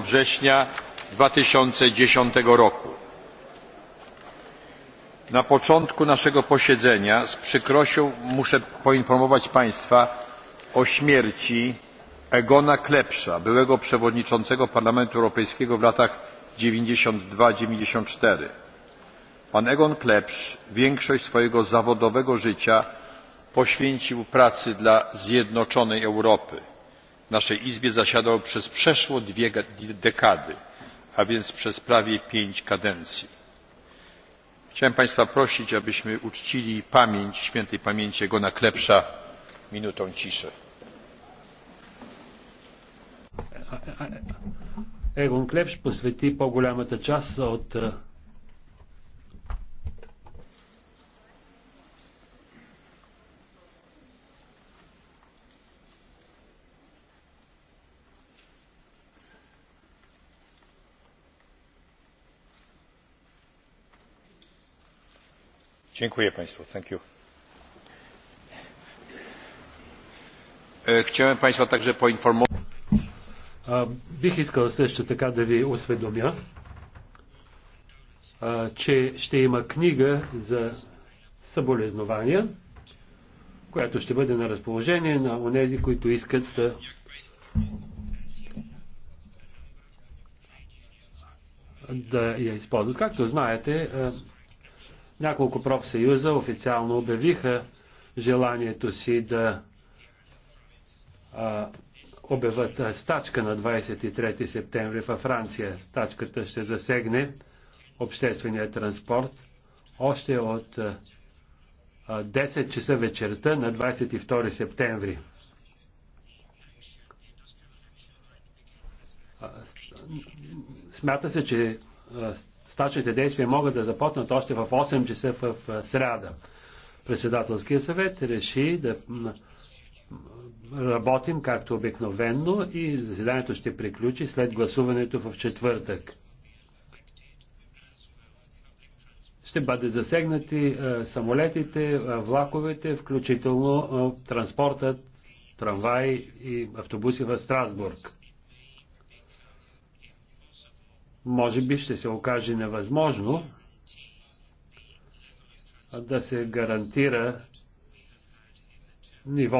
września 2010 roku. Na początku naszego posiedzenia z przykrością muszę poinformować Państwa o śmierci Egona Klepsza, byłego przewodniczącego Parlamentu Europejskiego w latach 92-94. Pan Egon Klepsz większość swojego zawodowego życia poświęcił pracy dla zjednoczonej Europy w naszej Izbie zasiadał przez przeszło dwie dekady, a więc przez prawie pięć kadencji. Chciałem Państwa prosić, abyśmy uczcili pamięć świętej pamięci Egona Klepsza minutą ciszy. Egon Клепш посвети по-голямата част E, chciałem Państwa także poinformować. Бих искал също така да ви осведомя, че ще има книга за съболезнования, която ще бъде на разположение на онези, които искат да да я използват. Както знаете, няколко профсъюза официално обявиха желанието си да а, обяват стачка на 23 септември във Франция. Стачката ще засегне обществения транспорт още от а, 10 часа вечерта на 22 септември. Смята се, че стачните действия могат да започнат още в 8 часа в среда. Председателския съвет реши да работим както обикновенно и заседанието ще приключи след гласуването в четвъртък. Ще бъдат засегнати е, самолетите, е, влаковете, включително е, транспортът, трамваи и автобуси в Страсбург. може би ще се окаже невъзможно да се гарантира нивото